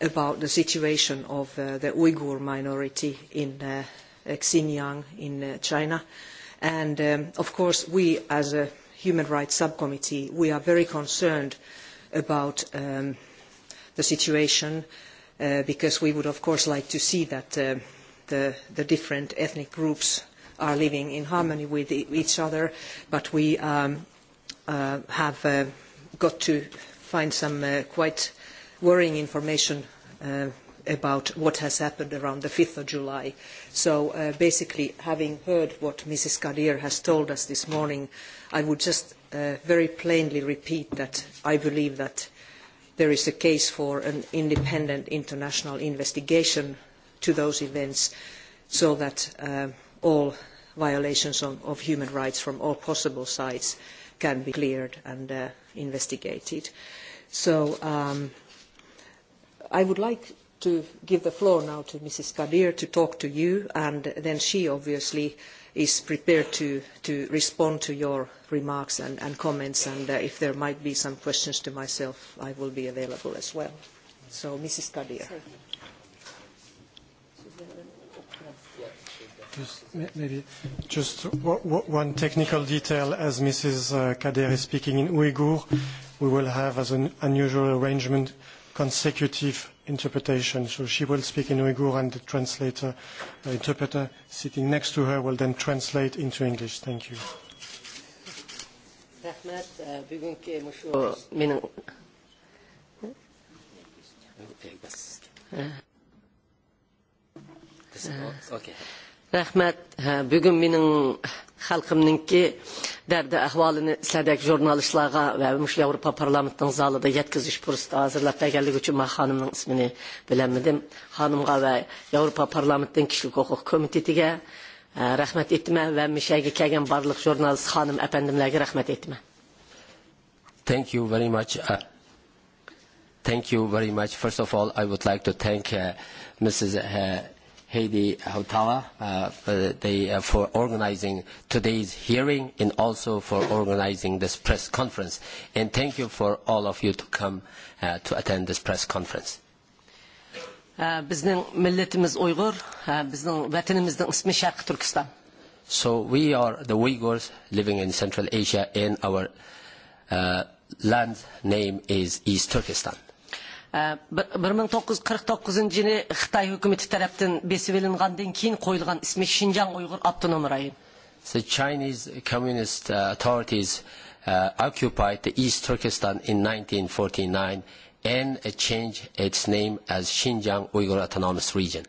about the situation of the Uyghur minority in Xinjiang in China. And of course, we as a Human Rights Subcommittee, we are very concerned about the situation because we would of course like to see that the different ethnic groups are living in harmony with each other, but we have got to find some quite worrying information about what has happened around the 5th of July. So basically, having heard what Mrs. Kadir has told us this morning, I would just very plainly repeat that I believe that there is a case for an independent international investigation to those events so that all violations of human rights from all possible sides can be cleared and investigated. So I would like to give the floor now to Mrs. Kadir to talk to you, and then she obviously is prepared to, respond to your remarks and, comments, and if there might be some questions to myself, I will be available as well. So, Mrs. Kadir. Just maybe just one technical detail. As Mrs. Kader is speaking in Uyghur, we will have, as an unusual arrangement, consecutive interpretation. So she will speak in Uyghur and the translator, the interpreter sitting next to her will then translate into English. Thank you. Rahmat, bugünkü muşu benim... Rahmat, bugün benim halkımınki dərdə əhvalını sədək jurnalistlara və müşli Avropa parlamentinin zalıda yetkiziş fürsəti hazırlab bəgərlik üçün mən xanımın ismini bilənmədim. Xanımğa və Avropa parlamentinin kişilik hüquq komitetigə rəhmət etmə və müşəyə gələn barlıq jurnalist xanım əpəndimlərə rəhmət etmə. Thank you very much. Uh, thank you very much. First of all, I would like to thank uh, Mrs. Uh, Heidi Hautala uh, for, the, uh, for organizing today's hearing and also for organizing this press conference. And thank you for all of you to come uh, to attend this press conference. Uh, So we are the Uyghurs living in Central Asia and our uh, land name is East Turkestan bir ming to'qqiz yuz qirq to'qqizinchi yili xitoy hukumati tarafdan besib ilingandan keyin qo'yilgan ismi shinjang uyg'ur abtonom rayon chinese communist authorities uh, occupied the east turkestan in 1949 and changed its name as xinjiang uyghur autonomous region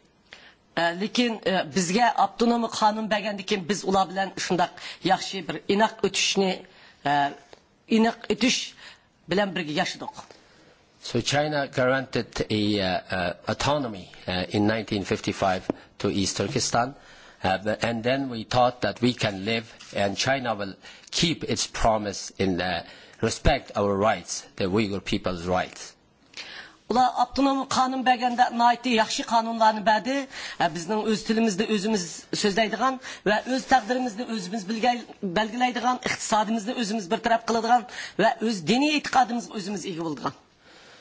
lekin bizga avtonom qonun bergandan biz ular bilan shundoq yaxshi bir inoq o'tishni inoq o'tish bilan birga yashadik So China granted a, uh, uh, autonomy uh, in 1955 to East Turkestan, uh, and then we thought that we can live, and China will keep its promise in uh, respect our rights, the Uyghur people's rights. Abdunum bəgəndə naiti yaxşı bədi, öz tilimizdə özümüz sözləydiğən və öz təqdirimizdə özümüz iqtisadimizdə özümüz bir tərəf qıladığan və öz dini özümüz iyi bulduğan.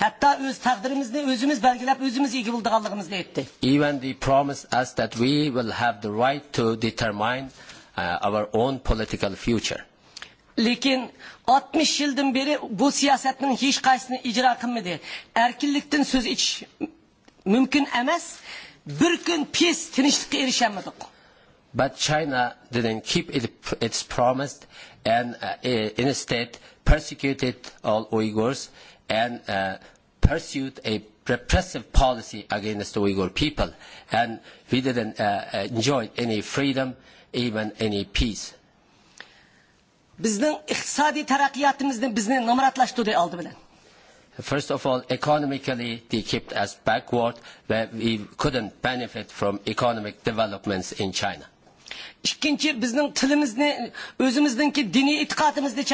Hatta öz takdirimizni özümüz belgilep özümüz ilgi bulduğumuzda etti. Even they promised us that we will have the right to determine uh, our own political future. Lekin 60 yıldan beri bu siyasetin hiç kaysını icra kılmadı. Erkinlikten söz iç mümkün emez. Bir gün pis tinçlikle erişemedik. But China didn't keep it, its promise and uh, instead persecuted all Uyghurs and uh, pursued a repressive policy against the Uyghur people. And we didn't uh, enjoy any freedom, even any peace. Bizning iqtisodiy taraqqiyotimizni bizni nomratlashtirdi oldi bilan. First of all, economically, they kept us backward, where we couldn't benefit from economic developments in China. Ikkinchi, bizning tilimizni, diniy e'tiqodimizni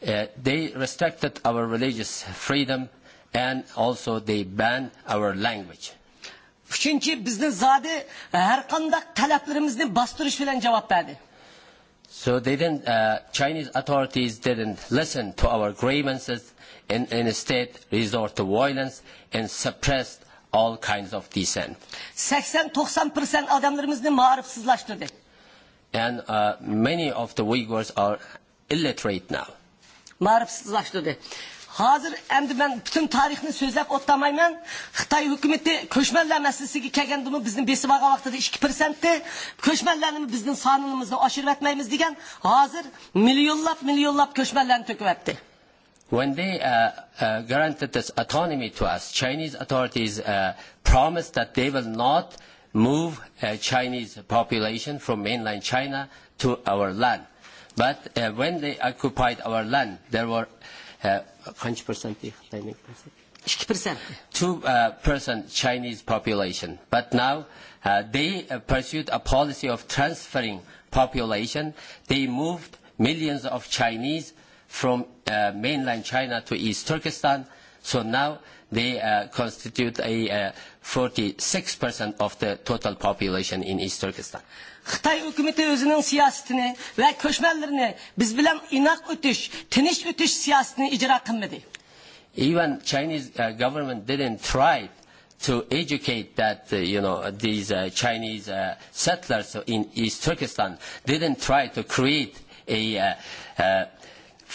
they respected our religious freedom and also they banned our language. Çünkü bizni zade her kanda taleplerimizin bastırış filan cevap verdi. So they didn't, uh, Chinese authorities didn't listen to our grievances and instead resort to violence and suppressed all kinds of dissent. 80-90% adamlarımızı marifsizlaştırdı. And uh, many of the Uyghurs are illiterate now marifsizlaştırdı. Hazır endi ben bütün tarihini sözlep otlamayman. Xitay hükümeti köşmeller meselesini kegen bunu bizim besibaga vaxtıda 2%'ti. Köşmellerimi bizim sanımızı aşırı etmemiz digen hazır milyonlap milyonlap köşmellerini töküp When they uh, uh, granted this autonomy to us, Chinese authorities uh, promised that they will not move uh, Chinese population from mainland China to our land But uh, when they occupied our land, there were uh, 2% Chinese population. But now uh, they uh, pursued a policy of transferring population. They moved millions of Chinese from uh, mainland China to East Turkestan. So now they uh, constitute a uh, 46% of the total population in East Turkestan. Xitay hökuməti özünün siyasətini və köçmənlərini biz bilən inaq ötüş, tiniş ötüş siyasətini icra qılmadı. Even Chinese uh, government didn't try to educate that uh, you know these uh, Chinese uh, settlers in East Turkestan didn't try to create a uh, uh,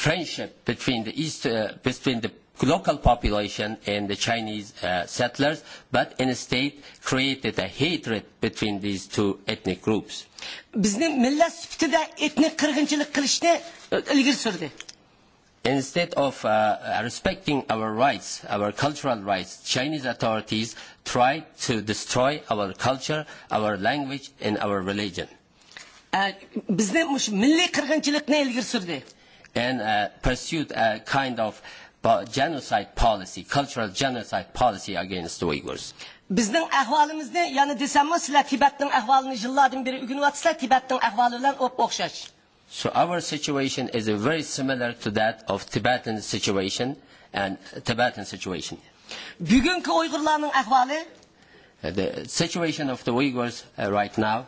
friendship between the East uh, between the local population and the Chinese uh, settlers, but in a state created a hatred between these two ethnic groups. Instead of uh, respecting our rights, our cultural rights, Chinese authorities tried to destroy our culture, our language, and our religion. And uh, pursued a kind of genocide policy, cultural genocide policy against the Uyghurs. Bizning ahvolimizni, ya'ni desammo, sizlar Tibetning ahvolini yillardan beri o'rganyapsizlar, Tibetning ahvoli bilan o'xshash. So our situation is very similar to that of Tibetan situation and Tibetan situation. Bugungi Uyg'urlarning ahvoli the situation of the Uyghurs right now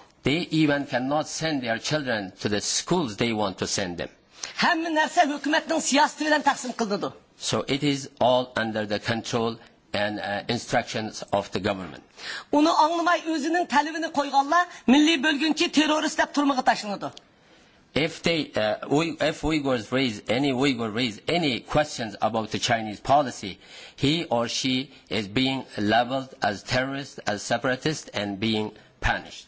They even cannot send their children to the schools they want to send them. So it is all under the control and uh, instructions of the government. Onu anlamay özünün talebini koyganlar milli bölgünki terörist dep turmağa If they, uh, we, if Uyghurs raise any Uyghur raise any questions about the Chinese policy, he or she is being labeled as terrorist, as separatist, and being punished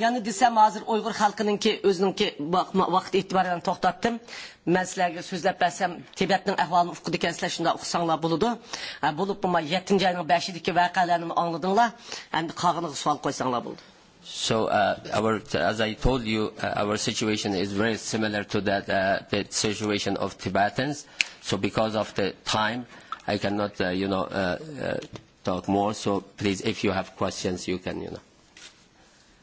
Yani desem hazır Uygur halkının ki özünün ki vakti itibariyle toxtattım. Mən sizlərə sözləb bəsəm Tibet'nin əhvalını oxudu ikən sizlər şunda oxusanlar buludu. bulup buma 7 ayının 5 ki vakalarını anladınlar. Hem de kağını sual qoysanlar buldu. So uh, our, as I told you, uh, our situation is very similar to that uh, the situation of Tibetans. So because of the time, I cannot, uh, you know, uh, uh, talk more. So please, if you have questions, you can, you know.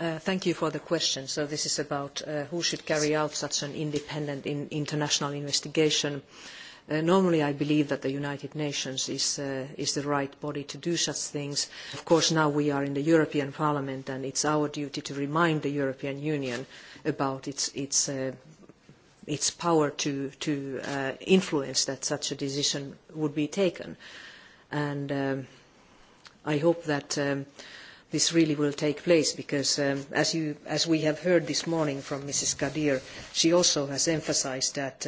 Thank you for the question. So this is about who should carry out such an independent international investigation. normally, I believe that the United Nations is, the right body to do such things. Of course, now we are in the European Parliament, and it's our duty to remind the European Union about its, power to, influence that such a decision would be taken. And I hope that this really will take place because as, we have heard this morning from Mrs. Kadir, she also has emphasised that,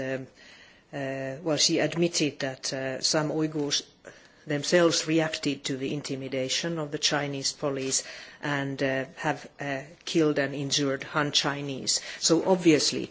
well, she admitted that some Uyghurs themselves reacted to the intimidation of the Chinese police and have killed and injured Han Chinese. So obviously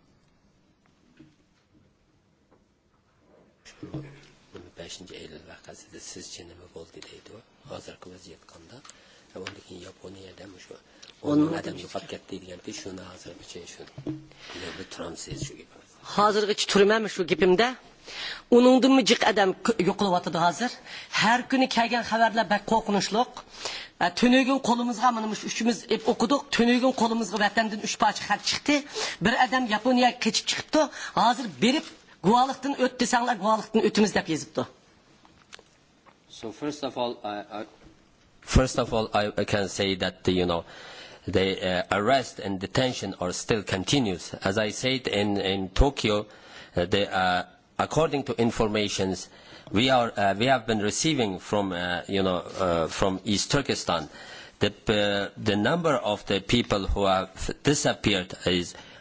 beshinchi iyul vaqasida sizchi nima bo'ldi deydi hozirgi vaziyat qandoq undan keyin yaponiyada shu o'n ming odam yo'qolib ketdi deganda shuni hozirgacha shu turamiz shu hozirgacha turmanmi shu gapimda uningdimi jiq adam yo'qolyotdi hozir har kuni kelgan xabarlar bak qo'rqinchliq tunugun qo'limizga mana shu uchimiz o'qidik tunugun qo'limizga vatandan uch parcha xat chiqdi bir adam yaponiyaga kechib chiqibdi hozir berib Guvalıktan öt desenler guvalıktan ötümüz yazıp da. So first of all, I, I, first of all, I can say that you know the uh, arrest and detention are still continuous. As I said in in Tokyo, uh, the, uh, according to informations we are uh, we have been receiving from uh, you know uh, from East Turkestan, the uh, the number of the people who have disappeared is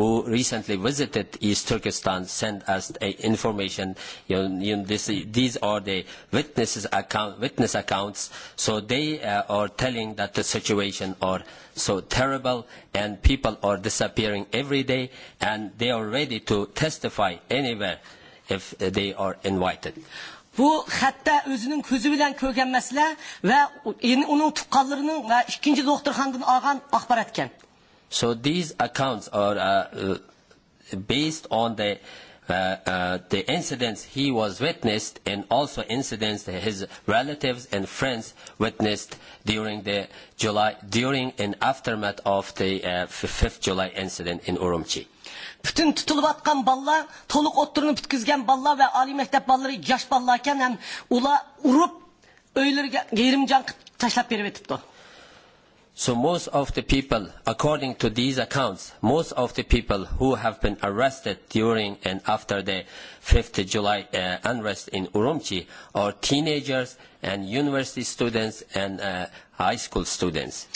who recently visited East Turkestan sent us information. You know, you know, this, these are the witnesses account, witness accounts. So they uh, are telling that the situation are so terrible and people are disappearing every day and they are ready to testify anywhere if they are invited. Bu hatta özünün közü bilen kögen mesele ve onun tukallarının ve ikinci doktor hanımın ağan akbar etken. So these accounts are uh, based on the uh, uh, the incidents he was witnessed and also incidents that his relatives and friends witnessed during the July during and aftermath of the uh, 5th July incident in Urumqi. Bütün tutulup atkan balla, toluk otturunu bitkizgen balla ve Ali Mehtap balları yaş ballarken hem ula urup öyleri yerimcan taşlap verip etipti. So most of the people, according to these accounts, most of the people who have been arrested during and after the 5th July uh, unrest in Urumqi are teenagers and university students and uh, high school students.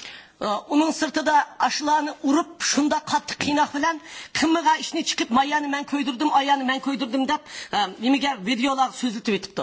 Onun sırtı da aşılarını urup şunda katlı kıynak bilen kımığa işini çıkıp mayanı ben köydürdüm, ayanı ben köydürdüm deyip e, videolar sözlü tweetipti.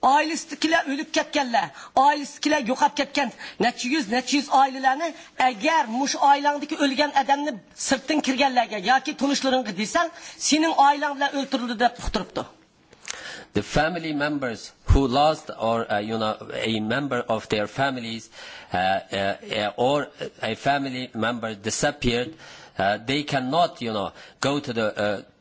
ölüp ketkenler, ketganlar yok yo'qolib ketken, neçi yüz, neçi yüz ailelerini, agar mush oilangniki o'lgan odamni sirtdan kirgenlerge, ya ki desang gidiysen, senin bilan öldürüldü de tutturuptu. the family members who lost or uh, you know a member of their families uh, uh, or a family member disappeared uh, they cannot you know go to the uh,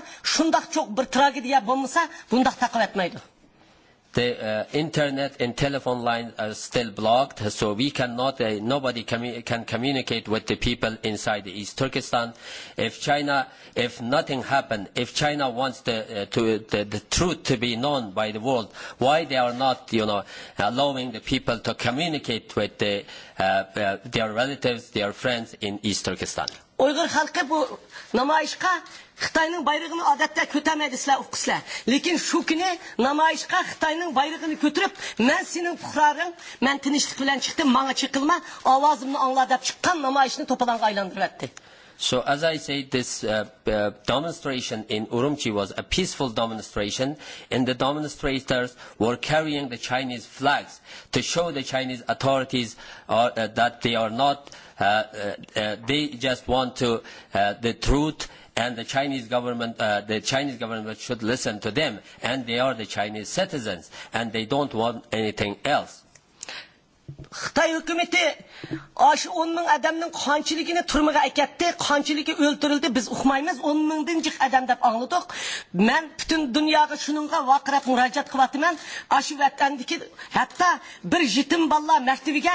болса шундак чок бир трагедия болмаса бундак The uh, internet and telephone lines are still blocked, so we cannot, uh, nobody commu- can communicate with the people inside East Turkestan. If China, if nothing happened, if China wants the, uh, to, the, the truth to be known by the world, why they are not, you know, allowing the people to communicate with the their relatives, their friends in East Turkestan. Uyghur halkı bu namayışka Xitayning bayrog'ini odatda ko'tarmaydi sizlar o'qisizlar lekin shu kuni namoyishga xitoyning bayrog'ini ko'tarib man sening fuqaroring man tinchlik bilan chiqdim manga chiqilma ovozimni angla deb chiqqan namoyishni to'polonga aylantiryapti So as I say, this uh, uh, demonstration in Urumqi was a peaceful demonstration, and the demonstrators were carrying the Chinese flags to show the Chinese authorities are, uh, that they are not, uh, uh, uh, they just want to, uh, the truth and the Chinese government, uh, the Chinese government should listen to them, and they are the Chinese citizens, and they don't want anything else xitoy hukumati shu o'n ming odamning qonchiligini turmaga akatdi qonchiligi o'ltirildi biz uqmaymiz o'n mingdan jiq odam deb angladiq man butun dunyoga shuninga vaqirab murojaat qilyaptiman shu vatandiki hatto bir yetim bolalar maktabiga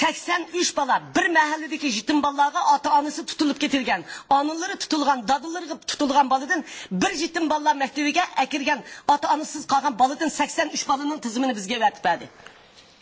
sakson uch bola bir mahalladagi yetim bolalarga ota onasi tutilib ketilgan onalari tutilgan dadilari tutilgan boladan bir yetim bolalar maktabiga akirgan ota onasiz qolgan boladan sakson uch tizimini bizga vatib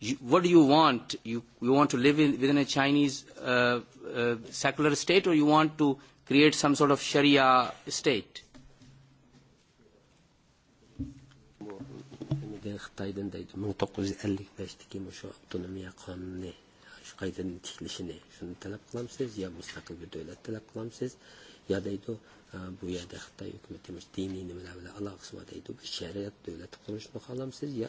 you, what do you want? You, you want to live in, within a Chinese uh, uh, secular state or you want to create some sort of Sharia state? Xitoydan deydi avtonomiya qonuni shu qaytadan shuni talab qilamsiz yo mustaqil bir davlat talab qilamsiz yo deydi bu yerda xitoy hukumati diniy nimalar bilan aloqasi bor deydi shariat qurishni xohlamsiz yo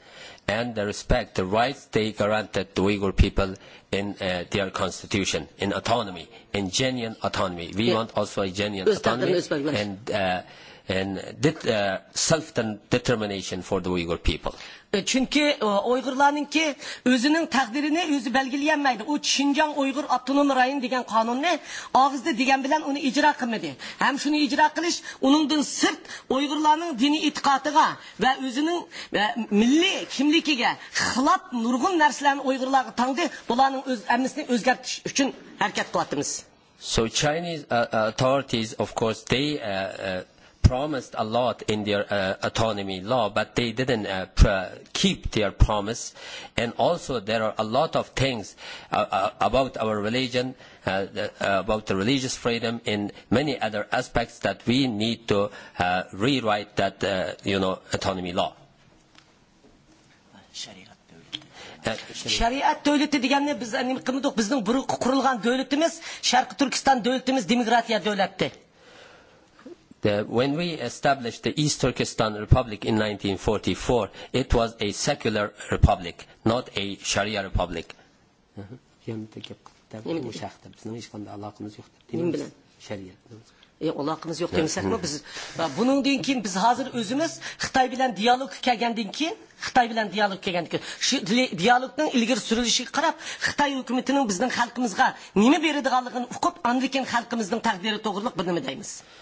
and respect the rights they granted the Uyghur people in uh their constitution, in autonomy, in genuine autonomy. We want also a genuine autonomy and and det, uh, self determination for the Uyghur people. Çünkü Uygurlarınki özünün takdirini özü belgileyemeydi. O Çincan Uygur Abdunum Rayın diyen kanun ne? Ağızda diyen bilen onu icra kılmadı. Hem şunu icra kılış, onun da sırt Uygurların dini itikatıga ve özünün ve milli kimlikige hılat nurgun derslerini Uygurlara tanıdı. Bunların öz, emnisini özgertiş için hareket kılattınız. So Chinese uh, authorities, of course, they uh, uh, promised a lot in their uh, autonomy law, but they didn't uh, pr- keep their promise. And also, there are a lot of things uh, uh, about our religion, uh, the, uh, about the religious freedom, and many other aspects that we need to uh, rewrite that, uh, you know, autonomy law. шариат дәулеті дегенне біз әне қымдық біздің бұрын құрылған дәулетіміз шарқы түркістан дәулетіміз демократия дәулеті when we established the East Turkestan Republic in forty four, it was a secular republic, not a Sharia republic.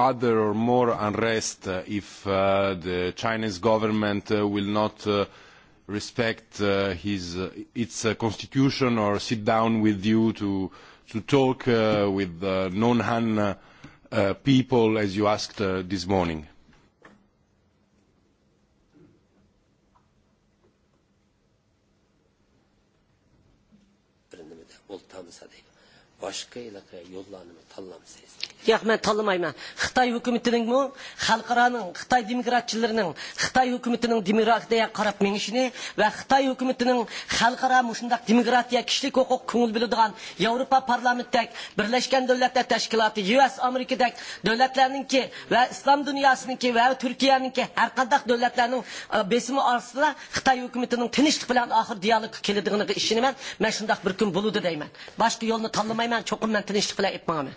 other or more unrest if the Chinese government will not respect its constitution or sit down with you to, talk with the non-Han people as you asked this morning. Başka ilakaya yo'q men tanlamayman xitoy hukumatiningmi xalqaroning xitoy demokratchilarining xitoy hukumatining demokratiyaga qarab minishini va xitoy hukumatining xalqaro shundoq demokratiya kishilik huquq ko'ngil biladigan yevropa parlamentdak birlashgan davlatlar tashkiloti us amerikadak davlatlarninki va islom dunyosiniki va turkiyaniki har qandaq davlatlarning besimi ostida xitoy hukumatining tinchlik bilan oxir dialogga keladiganiga ishonaman man shundoq bir kun bo'ludi deyman boshqa yo'lni tanlamayman cho'qim man tinchlik bilan epmanaman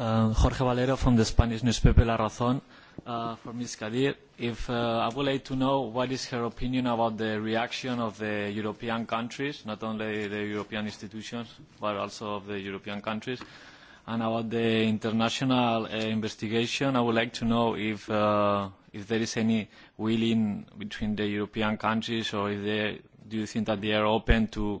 Jorge Valero from the Spanish newspaper La Razón for Ms. Kadir. If I would like to know what is her opinion about the reaction of the European countries, not only the European institutions, but also of the European countries, and about the international investigation, I would like to know if there is any willing between the European countries, or if they do you think that they are open to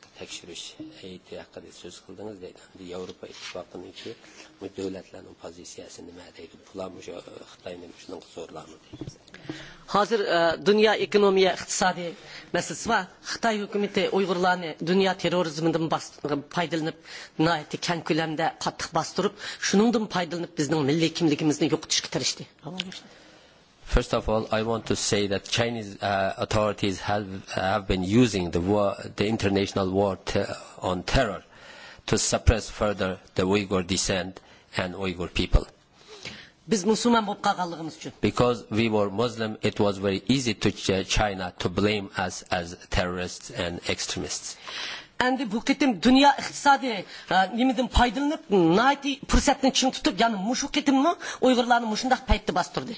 tekshirish hayiti haqida so'z qildingiz deydi endi yevropa ittifoqiniki bu davlatlarning pozitsiyasi nima deydi bular shu xitoyni shunaqa zo'rlarmi deydi hozir dunyo ekonomiya iqtisodiy masalasi bor xitoy hukumati uyg'urlarni dunyo terrorizmidan foydalanib nihoyatda kang ko'lamda qattiq bostirib shuningdan foydalanib bizning milliy kimligimizni yo'qotishga tirishdi First of all, I want to say that Chinese uh, authorities have, have been using the, war, the international war te on terror to suppress further the Uyghur descent and Uyghur people. Because we were Muslim, it was very easy to China to blame us as terrorists and extremists. And bu ketim dunyo iqtisodiy nimadan foydalanib nati fursatni ching tutib ya'ni mushu ketimni uyg'urlarni mushundaq paytda bostirdi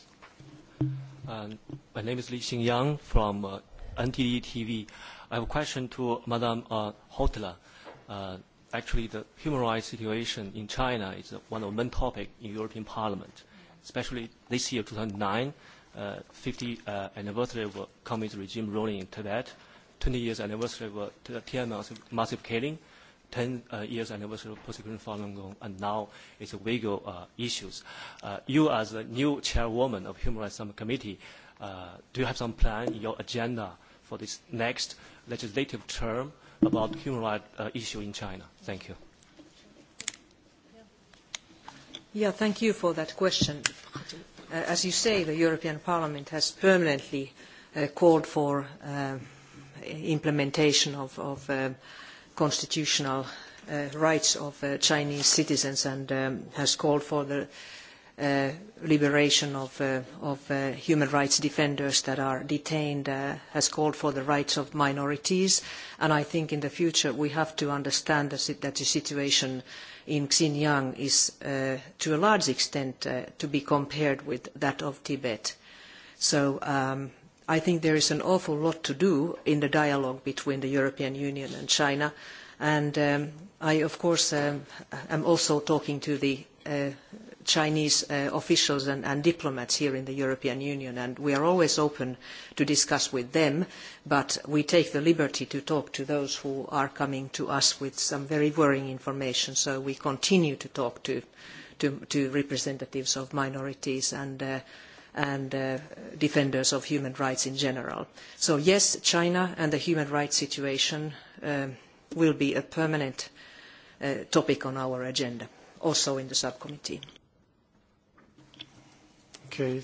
Um, my name is Li Xingyang from uh, NTD TV. I have a question to Madame uh, Hotla. Uh, actually, the human rights situation in China is one of the main topics in European Parliament, especially this year, 2009, uh, 50 uh, anniversary of communist regime ruling in Tibet, 20 years anniversary of uh, Tiananmen massive killing, 10 uh, years anniversary of persecution Falun Gong, and now it's Uyghur uh, issues. Uh, you, as the new chairwoman of Human Rights Summit Committee, uh, do you have some plan in your agenda for this next legislative term about human rights uh, issue in China? Thank you. Yeah, thank you for that question. As you say, the European Parliament has permanently called for implementation of, constitutional rights of Chinese citizens and has called for the liberation of, human rights defenders that are detained, has called for the rights of minorities. And I think in the future we have to understand that the situation in Xinjiang is to a large extent to be compared with that of Tibet. So I think there is an awful lot to do in the dialogue between the European Union and China. And I, of course, am also talking to the Chinese officials and, diplomats here in the European Union, and we are always open to discuss with them, but we take the liberty to talk to those who are coming to us with some very worrying information. So we continue to talk to, representatives of minorities and and defenders of human rights in general. So yes, China and the human rights situation will be a permanent topic on our agenda, also in the subcommittee. Okay,